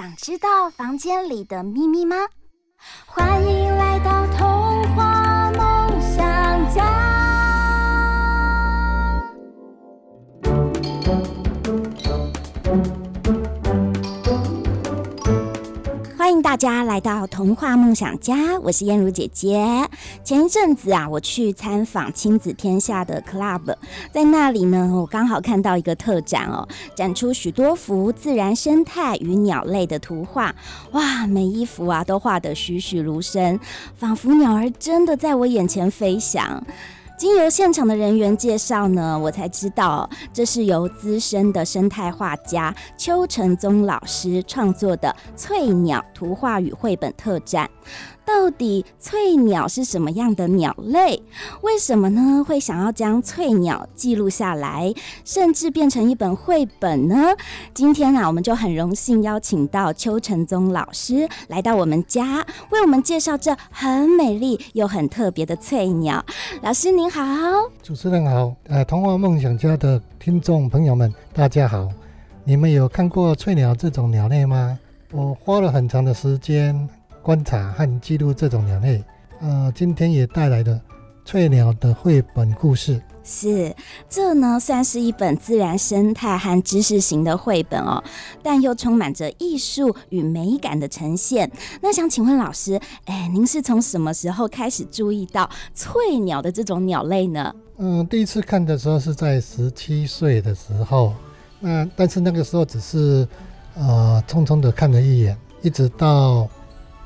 想知道房間裡的秘密嗎？歡迎來到童話夢想家。家來到童話夢想家，我是燕如姐姐。前一陣子啊，我去參訪親子天下的 club，在那裡呢，我剛好看到一個特展哦，展出許多幅自然生態與鳥類的圖畫。哇，每一幅啊都畫得栩栩如生，仿佛鳥兒真的在我眼前飛翔。經由現場的人員介紹呢，我才知道這是由資深的生態畫家邱承宗老師創作的翠鳥圖畫與繪本特展。到底翠鳥是什麼樣的鳥類？為什麼呢會想要將翠鳥記錄下來，甚至變成一本繪本呢？今天啊，我們就很榮幸邀請到邱承宗老師來到我們家，為我們介紹這很美麗又很特別的翠鳥。老師您。好，主持人好，呃，童話夢想家的聽眾朋友們，大家好，你們有看過翠鳥這種鳥類嗎？我花了很長的時間觀察和記錄這種鳥類，呃，今天也帶來了翠鳥的繪本故事。是，這呢算是一本自然生態和知識型的繪本哦，但又充滿着藝術與美感的呈現。那想請問老師，哎，您是從什麼時候開始注意到翠鳥的這種鳥類呢？嗯，第一次看的時候是在十七歲的時候，嗯、呃，但是那個時候只是，呃，匆匆的看了一眼，一直到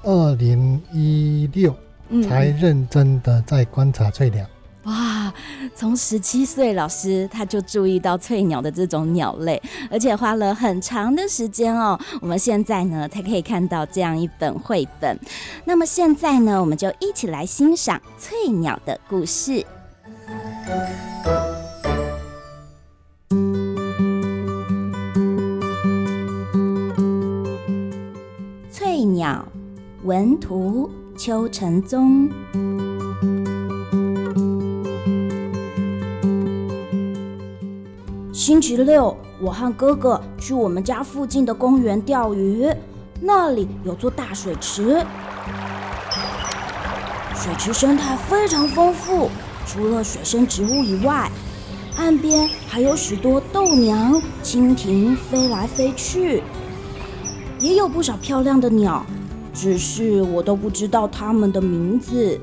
二零一六才認真的在觀察翠鳥。嗯、哇。啊，從十七歲，老師他就注意到翠鳥的這種鳥類，而且花了很長的時間哦。我們現在呢，才可以看到這樣一本繪本。那麼現在呢，我們就一起來欣賞翠鳥的故事。翠鳥，文圖，邱承宗。星期六，我和哥哥去我們家附近的公園釣魚。那裡有座大水池，水池生態非常豐富。除了水生植物以外，岸邊還有許多豆娘、蜻蜓飛來飛去，也有不少漂亮的鳥，只是我都不知道它們的名字。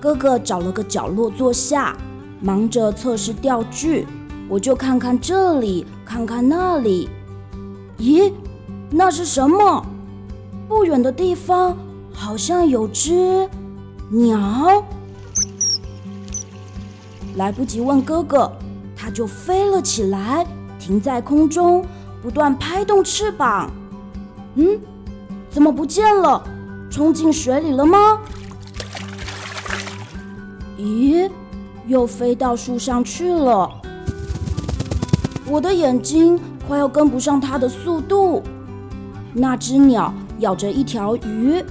哥哥找了個角落坐下，忙着測試釣具。我就看看這裡，看看那裡。咦，那是什麼？不遠的地方好像有隻鳥。來不及問哥哥，它就飛了起來，停在空中，不斷拍動翅膀。嗯，怎麼不見了？衝進水裡了嗎？咦，又飛到樹上去了。我的眼睛快要跟不上它的速度。那隻鳥咬着一條魚，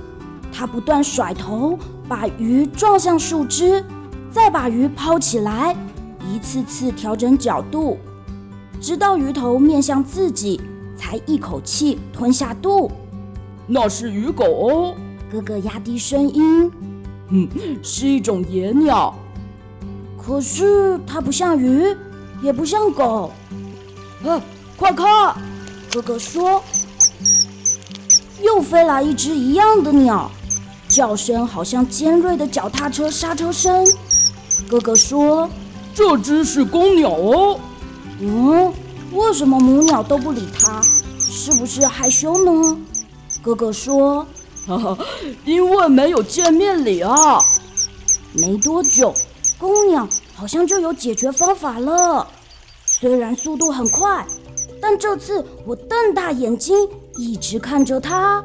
它不斷甩頭，把魚撞向樹枝，再把魚拋起來，一次次調整角度，直到魚頭面向自己，才一口氣吞下肚。那是魚狗哦。哥哥壓低聲音：“嗯，是一種野鳥。”可是它不像魚，也不像狗。嗯、哎、快看！哥哥說，又飛來一隻一樣的鳥，叫聲好像尖銳的腳踏車剎車聲。哥哥說，這隻是公鳥哦。嗯，為什麼母鳥都不理它？是不是害羞呢？哥哥說，哈哈、啊，因為沒有見面禮啊。沒多久，公鳥好像就有解決方法了。雖然速度很快，但這次我瞪大眼睛一直看着它。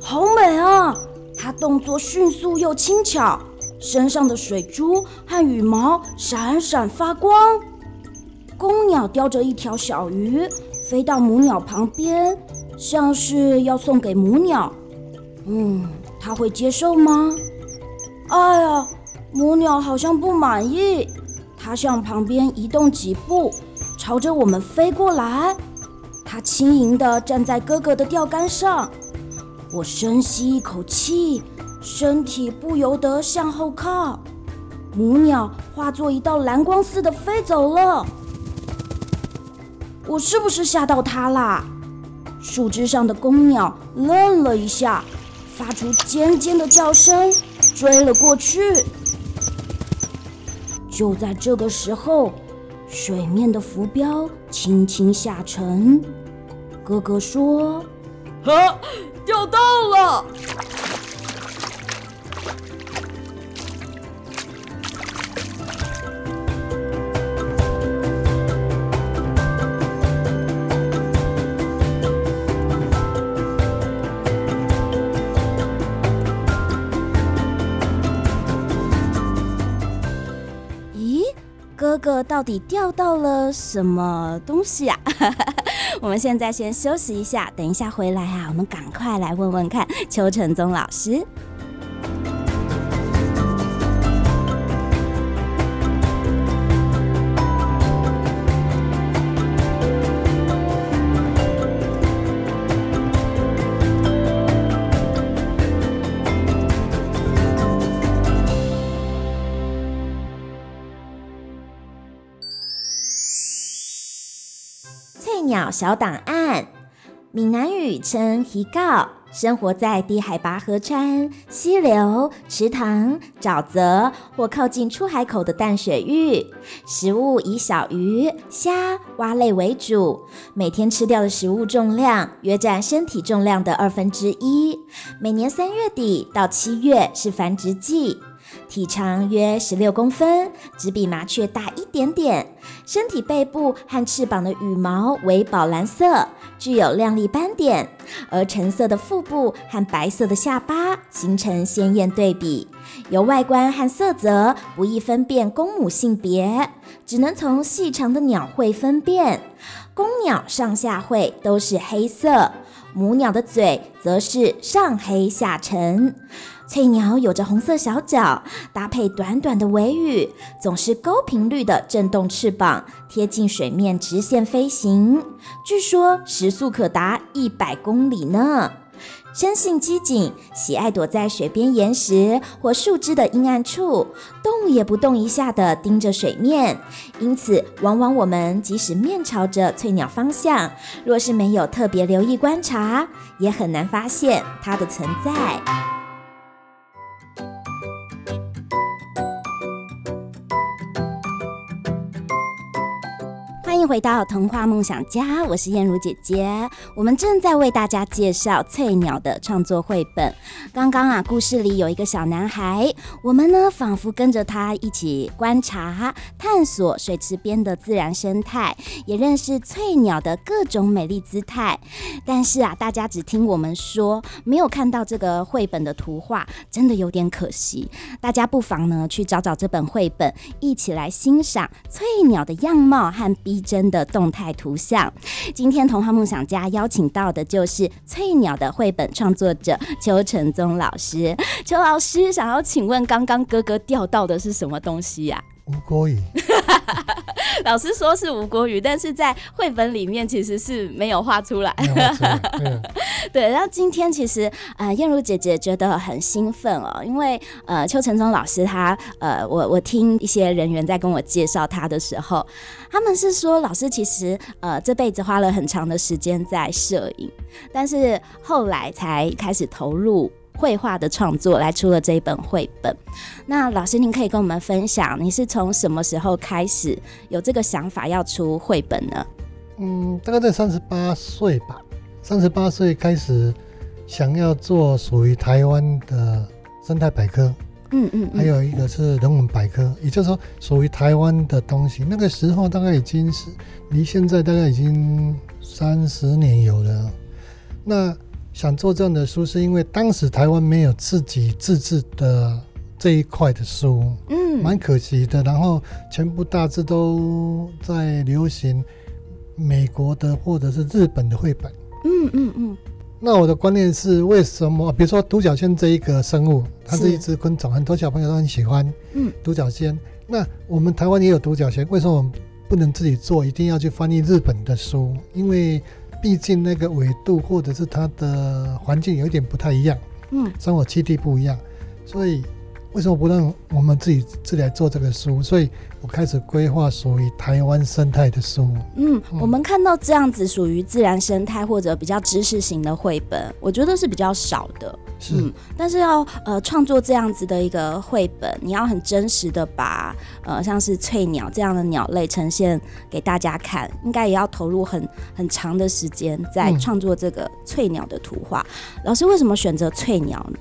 好美啊！它動作迅速又輕巧，身上的水珠和羽毛閃閃發光。公鳥叼着一條小魚飛到母鳥旁邊，像是要送給母鳥。嗯，它會接受嗎？哎呀，母鳥好像不滿意，它向旁邊移動幾步。朝着我們飛過來，它輕盈地站在哥哥的釣竿上。我深吸一口氣，身體不由得向後靠。母鳥化作一道藍光似的飛走了。我是不是嚇到它啦？樹枝上的公鳥愣了一下，發出尖尖的叫聲，追了過去。就在這個時候，水面的浮標輕輕下沉。哥哥說：“啊，釣到了！”這到底釣到了什麼東西啊？ 我們現在先休息一下，等一下回來啊，我們趕快來問問看邱承宗老師。鳥小檔案：閩南語稱“魚狗”，生活在低海拔河川、溪流、池塘、沼澤或靠近出海口的淡水域。食物以小魚、蝦、蛙類為主。每天吃掉的食物重量約占身體重量的二分之一。每年三月底到七月是繁殖季。體長約十六公分，只比麻雀大一點點。身體背部和翅膀的羽毛為寶藍色，具有亮麗斑點，而橙色的腹部和白色的下巴形成鮮豔對比，由外觀和色澤不易分辨公母性別。只能從細長的鳥喙分辨，公鳥上下喙都是黑色，母鳥的嘴則是上黑下橙。翠鳥有着紅色小腳，搭配短短的尾羽，總是高頻率的震動翅膀，貼近水面直線飛行，據說時速可達一百公里呢。生性機警，喜愛躲在水邊岩石或樹枝的陰暗處，動也不動一下地盯着水面。因此，往往我們即使面朝着翠鳥方向，若是沒有特別留意觀察，也很難發現它的存在。歡迎回到童話夢想家，我是燕如姐姐。我們正在為大家介紹翠鳥的創作繪本。剛剛啊，故事裡有一個小男孩，我們呢仿佛跟着他一起觀察、探索水池邊的自然生態，也認識翠鳥的各種美麗姿態。但是啊，大家只聽我們說，沒有看到這個繪本的圖畫，真的有點可惜。大家不妨呢去找找這本繪本，一起來欣賞翠鳥的樣貌和鼻子。真的動態圖像。今天童話夢想家邀請到的就是《翠鳥》的繪本創作者邱承宗老師。邱老師，想要請問，剛剛哥哥釣到的是什麼東西呀、啊？吳郭魚， 老師說是吳郭魚，但是在繪本裡面其實是沒有畫出來的。對，然後 今天其實呃，燕如姐姐覺得很興奮哦，因為呃，邱承宗老師他呃，我我聽一些人員在跟我介紹他的時候，他們是說老師其實呃這輩子花了很長的時間在攝影，但是後來才開始投入。繪畫的創作來出了這一本繪本，那老師您可以跟我們分享，你是從什麼時候開始有這個想法要出繪本呢？嗯，大概在三十八歲吧，三十八歲開始想要做屬於台灣的生態百科，嗯嗯，嗯嗯還有一個是人文百科，也就是說屬於台灣的東西。那個時候大概已經是離現在大概已經三十年有了，那。想做這樣的書，是因為當時台灣沒有自己自制的這一塊的書，嗯，蠻可惜的。然後全部大致都在流行美國的或者是日本的繪本，嗯，嗯嗯嗯。那我的觀念是，為什麼？比如說獨角仙這一個生物，它是一只昆蟲，很多小朋友都很喜歡，嗯，獨角仙。那我們台灣也有獨角仙，為什麼我們不能自己做？一定要去翻譯日本的書？因為。畢竟那個緯度或者是它的環境有點不太一樣，嗯，生活基地不一樣，所以。為什麼不讓我們自己自己來做這個書？所以我開始規劃屬於台灣生態的書。嗯，我們看到這樣子屬於自然生態或者比較知識型的繪本，我覺得是比較少的。是。嗯，但是要呃創作這樣子的一個繪本，你要很真實的把呃像是翠鳥這樣的鳥類呈現給大家看，應該也要投入很很長的時間在創作這個翠鳥的圖畫。嗯。老師為什麼選擇翠鳥呢？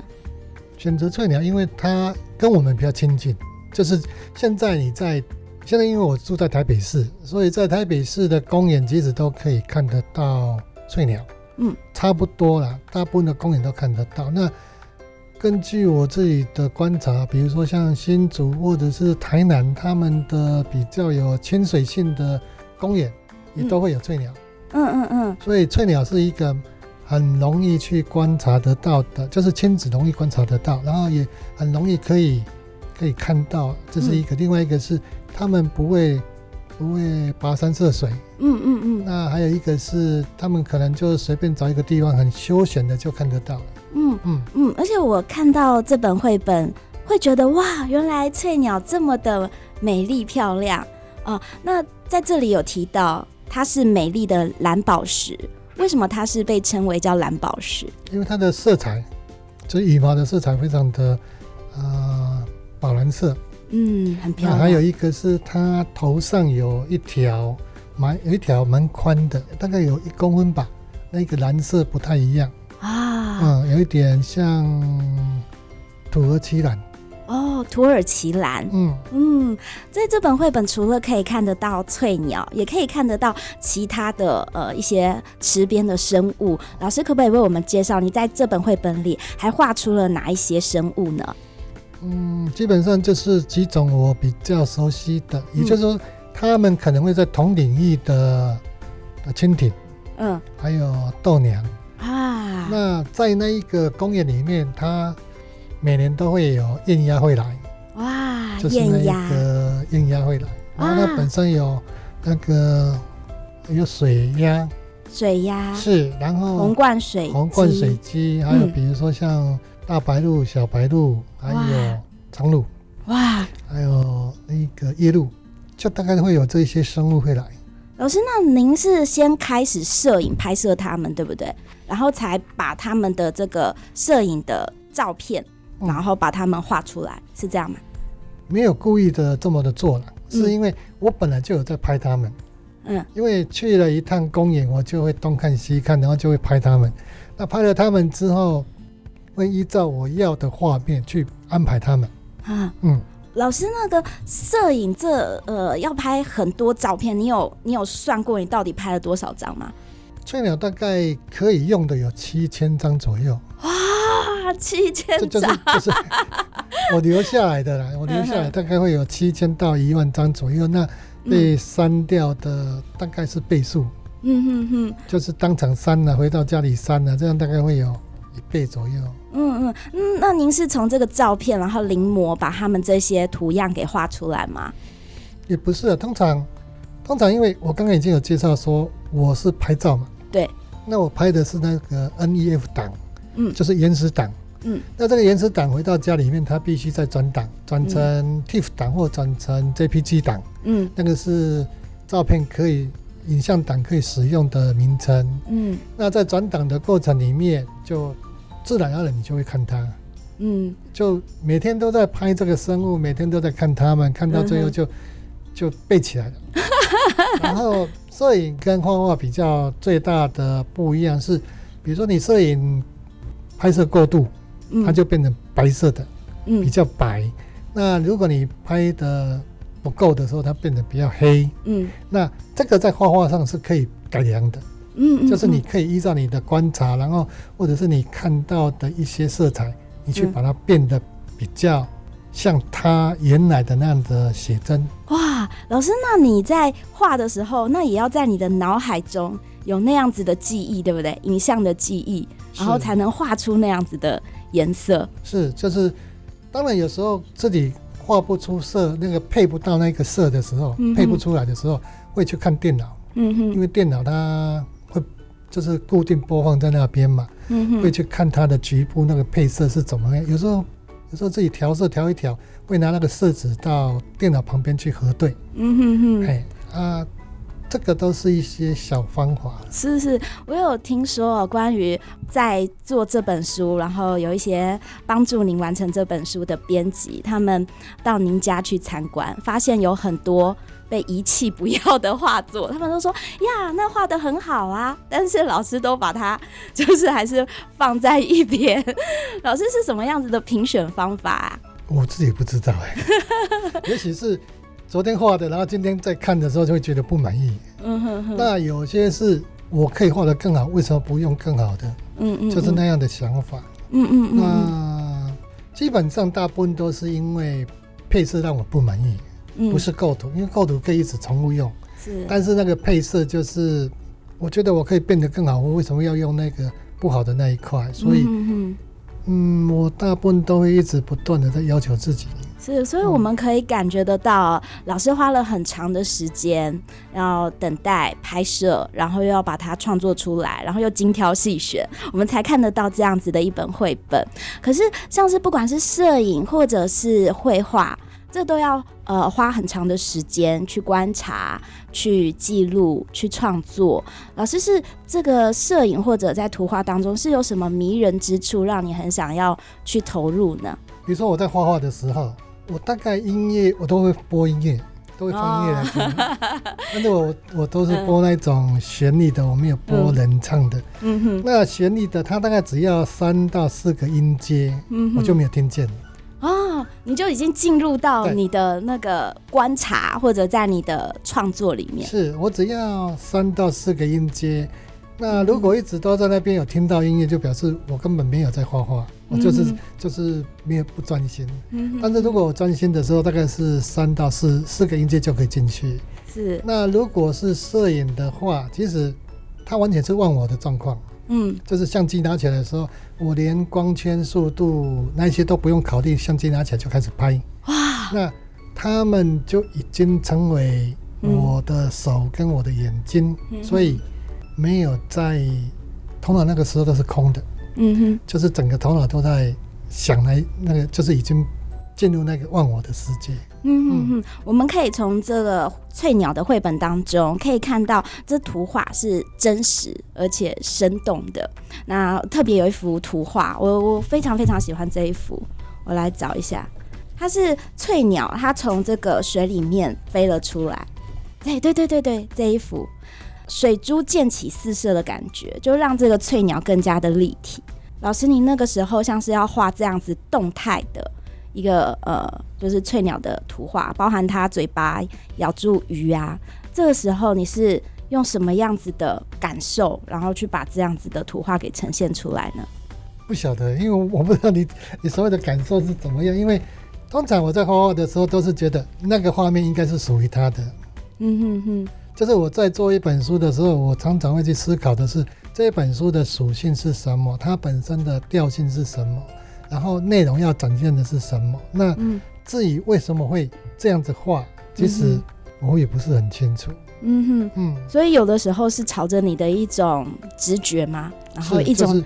選擇翠鳥，因為它跟我們比較親近。就是現在你在現在，因為我住在台北市，所以在台北市的公園其實都可以看得到翠鳥。嗯，差不多啦，大部分的公園都看得到。那根據我自己的觀察，比如說像新竹或者是台南，他們的比較有親水性的公園也都會有翠鳥。嗯嗯嗯。所以翠鳥是一個。很容易去觀察得到的，就是親子容易觀察得到，然後也很容易可以可以看到，這、就是一個。嗯、另外一個是他們不會不會跋山涉水，嗯嗯嗯。嗯嗯，那還有一個是他們可能就隨便找一個地方，很休閒的就看得到了。嗯嗯嗯。嗯嗯，而且我看到這本繪本，會覺得哇，原來翠鳥這麼的美麗漂亮啊、哦！那在這裡有提到它是美麗的藍寶石。為什麼它是被稱為叫藍寶石？因為它的色彩，所以羽毛的色彩，非常的呃寶藍色。嗯，很漂亮，嗯。還有一個是它頭上有一條蠻有一條蠻寬的，大概有一公分吧，那個藍色不太一樣啊，嗯，有一點像土耳其藍。哦，土耳其藍。嗯嗯，在這本繪本除了可以看得到翠鳥，也可以看得到其他的呃一些池邊的生物。老師可不可以為我們介紹，你在這本繪本裡還畫出了哪一些生物呢？嗯，基本上就是幾種我比較熟悉的，也就是說，他們可能會在同領域的蜻蜓，嗯，還有豆娘啊。那在那一個公園裡面，它。每年都會有雁鴨會來，哇！就是那一個雁鴨會來，啊、然後它本身有那個有水鴨，水鴨是，然後紅冠水雞紅冠水雞，還有比如說像大白鷺小白鷺、嗯、還有蒼鷺哇，還有那個夜鷺，就大概會有這些生物會來。老師，那您是先開始攝影拍攝他們，對不對？然後才把他們的這個攝影的照片。然後把它們畫出來，嗯、是這樣嗎？沒有故意的這麼的做了，嗯、是因為我本來就有在拍他們。嗯，因為去了一趟公演，我就會東看西看，然後就會拍他們。那拍了他們之後，會依照我要的畫面去安排他們。啊，嗯，老師那個攝影這呃要拍很多照片，你有你有算過你到底拍了多少張嗎翠鳥大概可以用的有七千張左右。哇、啊！七千，這就是，就是我留下來的啦，我留下來大概會有七千到一萬張左右，那被刪掉的大概是倍數。嗯哼哼，就是當場刪了，回到家裡刪了，這樣大概會有一倍左右。嗯嗯，那您是從這個照片，然後臨摹把他們這些圖樣給畫出來嗎？也不是啊，通常，通常因為我剛剛已經有介紹說我是拍照嘛，對，那我拍的是那個 N E F 檔。就是延時檔，嗯，那這個延時檔回到家裡面，他必須再轉檔，轉成 TIFF 檔或轉成 JPG 檔，嗯，那個是照片可以、影像檔可以使用的名稱，嗯，那在轉檔的過程裡面，就自然而然你就會看它，嗯，就每天都在拍這個生物，每天都在看它們，看到最後就、嗯、哼就背起來了。 然後攝影跟畫畫比較最大的不一樣是，比如說你攝影。拍攝過度，它就變成白色的，嗯、比較白。那如果你拍得不夠的時候，它變得比較黑。嗯，那這個在畫畫上是可以改良的。嗯，嗯，嗯，就是你可以依照你的觀察，然後或者是你看到的一些色彩，你去把它變得比較像它原來的那樣的寫真、嗯。哇，老師，那你在畫的時候，那也要在你的腦海中。有那樣子的記憶，對不對？影像的記憶，然後才能畫出那樣子的顏色是。是，就是，當然有時候自己畫不出色，那個配不到那個色的時候，嗯、哼配不出來的時候，會去看電腦。嗯哼因為電腦它會就是固定播放在那邊嘛。嗯哼會去看它的局部那個配色是怎麼樣。有時候有時候自己調色調一調，會拿那個色紙到電腦旁邊去核對。嗯嗯，嗯、欸，哎啊。這個都是一些小方法。是是，我有聽說關於在做這本書，然後有一些幫助您完成這本書的編輯，他們到您家去參觀，發現有很多被遺棄不要的畫作，他們都說呀，那畫得很好啊，但是老師都把它就是還是放在一邊。老師是什麼樣子的評選方法啊？我自己不知道哎、欸， 也許是。昨天畫的，然後今天再看的時候就會覺得不滿意。嗯哼哼。那有些是我可以畫得更好，為什麼不用更好的？嗯，嗯嗯。就是那樣的想法。嗯，嗯嗯。那基本上大部分都是因為配色讓我不滿意，嗯、不是構圖，因為構圖可以一直重複用。是、啊。但是那個配色就是，我覺得我可以變得更好，我為什麼要用那個不好的那一塊？所以，嗯，嗯，嗯，嗯，我大部分都會一直不斷的在要求自己。對，所以我們可以感覺得到，老師花了很長的時間，要等待拍攝，然後又要把它創作出來，然後又精挑細選，我們才看得到這樣子的一本繪本。可是，像是不管是攝影或者是繪畫，這都要呃花很長的時間去觀察、去記錄、去創作。老師是這個攝影或者在圖畫當中，是有什麼迷人之處，讓你很想要去投入呢？比如說我在畫畫的時候。我大概音樂，我都會播音樂，都會放音樂來聽。哦，但是我，我 我都是播那種旋律的，我沒有播人唱的。嗯，嗯哼。那旋律的，它大概只要三到四個音階，嗯、哼我就沒有聽見。啊、哦，你就已經進入到你的那個觀察，對或者在你的創作裡面。是，我只要三到四個音階。那如果一直都在那邊有聽到音樂，就表示我根本沒有在畫畫。我就是就是沒有不專心，嗯哼，但是如果我專心的時候，大概是三到四四個音階就可以進去，是。那如果是攝影的話，其實它完全是忘我的狀況，嗯，就是相機拿起來的時候，我連光圈、速度那些都不用考慮，相機拿起來就開始拍，哇，那他們就已經成為我的手跟我的眼睛，嗯，所以沒有在通常那個時候都是空的。嗯哼，就是整個頭腦都在想來那個，就是已經進入那個忘我的世界。嗯嗯嗯，我們可以從這個翠鳥的繪本當中可以看到，這圖畫是真實而且生動的。那特別有一幅圖畫，我我非常非常喜歡這一幅，我來找一下。它是翠鳥，它從這個水裡面飛了出來。對對對對對，這一幅。水珠濺起四射的感覺，就讓這個翠鳥更加的立體。老師，你那個時候像是要畫這樣子動態的一個呃，就是翠鳥的圖畫，包含它嘴巴咬住魚啊，這個時候你是用什麼樣子的感受，然後去把這樣子的圖畫給呈現出來呢？不曉得，因為我不知道你你所有的感受是怎麼樣。因為通常我在畫畫的時候，都是覺得那個畫面應該是屬於他的。嗯哼哼。就是我在做一本書的時候，我常常會去思考的是，這本書的屬性是什麼，它本身的調性是什麼，然後內容要展現的是什麼。那至於為什麼會這樣子畫，其實我也不是很清楚。嗯哼，嗯，所以有的時候是朝着你的一種直覺嗎？然後一種是、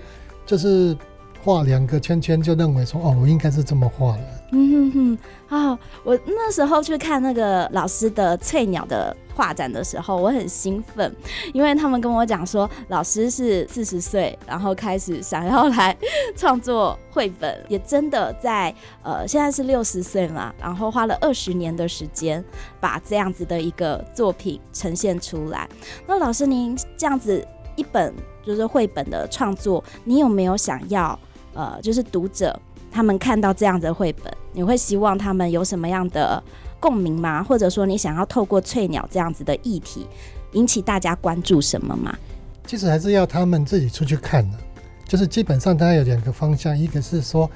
就是、就是畫兩個圈圈，就認為說，哦，我應該是這麼畫的。嗯哼哼啊！我那時候去看那個老師的《翠鳥》的畫展的時候，我很興奮，因為他們跟我講說，老師是四十歲，然後開始想要來創作繪本，也真的在呃，現在是六十歲嘛，然後花了二十年的時間把這樣子的一個作品呈現出來。那老師，您這樣子一本就是繪本的創作，你有沒有想要呃，就是讀者他們看到這樣子的繪本？你會希望他們有什麼樣的共鳴嗎？或者說，你想要透過翠鳥這樣子的議題引起大家關注什麼嗎？其實還是要他們自己出去看的啊。就是基本上它有兩個方向，一個是說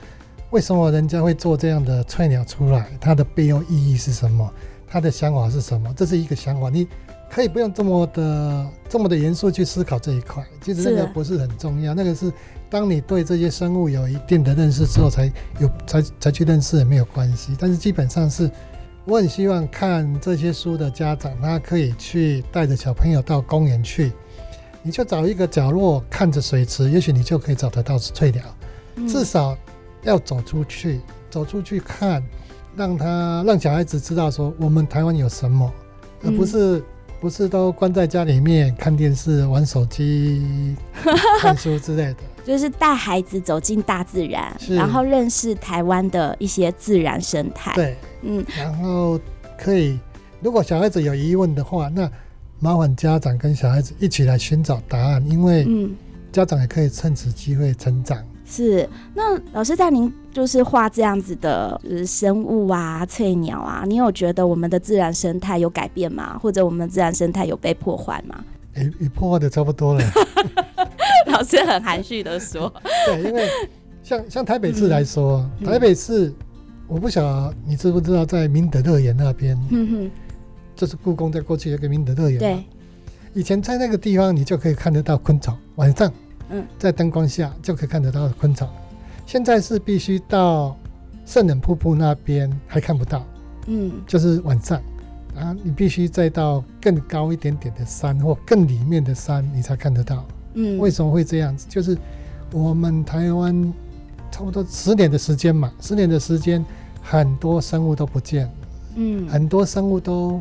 為什麼人家會做這樣的翠鳥出來，它的背後意義是什麼，他的想法是什麼，這是一個想法。你。可以不用這麼的這麼的嚴肅去思考這一塊，其實那個不是很重要。那個是當你對這些生物有一定的認識之後，才有才才去認識也沒有關係。但是基本上是，我很希望看這些書的家長，他可以去帶着小朋友到公園去，你就找一個角落看着水池，也許你就可以找得到翠鳥。至少要走出去，走出去看，讓他讓小孩子知道說我們台灣有什麼，而不是。不是都關在家裡面看電視、玩手機、看書之類的， 就是帶孩子走進大自然，是然後認識台灣的一些自然生態。對，嗯，然後可以，如果小孩子有疑問的話，那麻煩家長跟小孩子一起來尋找答案，因為嗯，家長也可以趁此機會成長。嗯。是，那老師在您。就是畫這樣子的就是生物啊，翠鳥啊，你有覺得我們的自然生態有改變嗎？或者我們的自然生態有被破壞嗎？已、欸、破壞的差不多了。 老師很含蓄的說。 對，因為像像台北市來說， 台北市，我不曉得你知不知道，在明德樂園那邊，嗯哼，就是故宮在過去有個明德樂園，對，以前在那個地方，你就可以看得到昆蟲，晚上，嗯，在燈光下就可以看得到昆蟲。嗯嗯現在是必須到聖人瀑布那邊還看不到，嗯，就是晚上啊，然後你必須再到更高一點點的山或更裡面的山，你才看得到。嗯，為什麼會這樣子？就是我們台灣差不多十年的時間嘛，十年的時間，很多生物都不見，嗯，很多生物都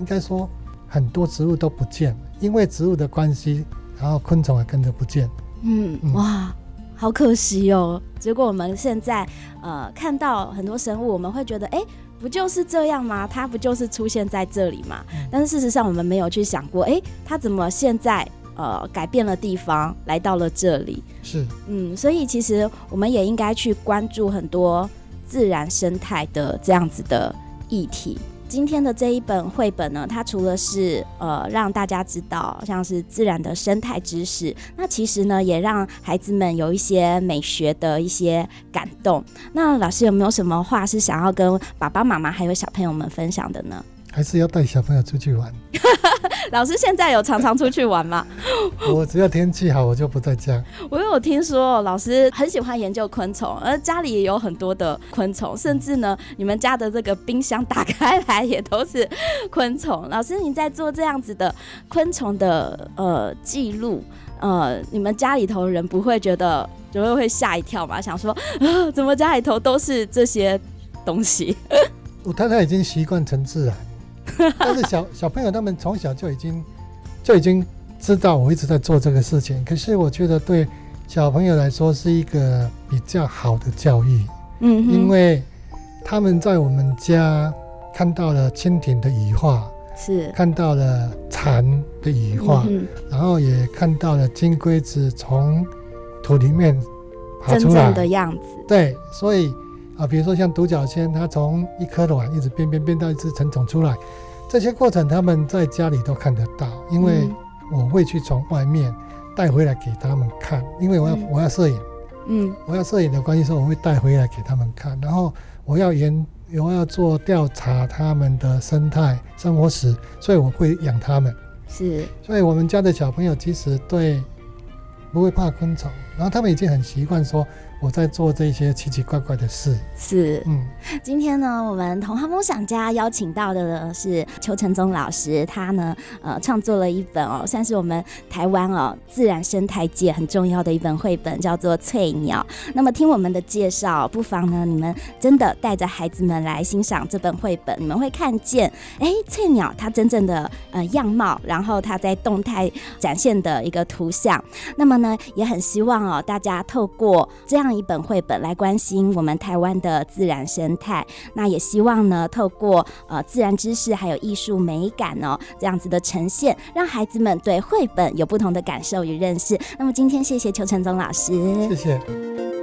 應該說很多植物都不見，因為植物的關係，然後昆蟲也跟着不見。嗯，嗯哇。好可惜哦！結果我們現在呃看到很多生物，我們會覺得哎、欸，不就是這樣嗎？它不就是出現在這裡嗎？嗯、但是事實上，我們沒有去想過，哎、欸，它怎麼現在呃改變了地方，來到了這裡？是，嗯，所以其實我們也應該去關注很多自然生態的這樣子的議題。今天的這一本繪本呢，它除了是呃讓大家知道像是自然的生態知識，那其實呢，也讓孩子們有一些美學的一些感動。那老師有沒有什麼話是想要跟爸爸媽媽還有小朋友們分享的呢？還是要帶小朋友出去玩。 老師現在有常常出去玩嗎？ 我只要天氣好，我就不在家。我有聽說老師很喜歡研究昆蟲，而、呃、家裡也有很多的昆蟲，甚至呢，你們家的這個冰箱打開來也都是昆蟲。老師，你在做這樣子的昆蟲的呃記錄，呃，你們家裡頭人不會覺得就會會嚇一跳嗎？想說啊、呃，怎麼家裡頭都是這些東西？ 我太太已經習慣成自然。 但是小小朋友他們從小就已經就已經知道我一直在做這個事情，可是我覺得對小朋友來說是一個比較好的教育，嗯哼，因為他們在我們家看到了蜻蜓的羽化，是看到了蟬的羽化，嗯、哼然後也看到了金龜子從土裡面爬出來的樣子，對，所以。啊，比如說像獨角仙，它從一顆卵一直變變變到一只成蟲出來，這些過程他們在家裡都看得到，因為我會去從外面帶回來給他們看，因為我要、嗯、我要攝影，嗯，我要攝影的關係說我會帶回來給他們看，然後我要研，我要做調查他們的生態生活史，所以我會養他們，是，所以我們家的小朋友其實對不會怕昆蟲，然後他們已經很習慣說。我在做這些奇奇怪怪的事。是，嗯，今天呢，我們童話夢想家邀請到的呢是邱承宗老師，他呢，呃，創作了一本哦，算是我們台灣哦自然生態界很重要的一本繪本，叫做《翠鳥》。那麼聽我們的介紹，不妨呢，你們真的帶着孩子們來欣賞這本繪本，你們會看見，哎、欸，翠鳥它真正的呃樣貌，然後它在動態展現的一個圖像。那麼呢，也很希望哦，大家透過這樣。一本繪本來關心我們台灣的自然生態，那也希望呢，透過呃自然知識還有藝術美感哦，這樣子的呈現，讓孩子們對繪本有不同的感受與認識。那麼今天謝謝邱承宗老師，謝謝。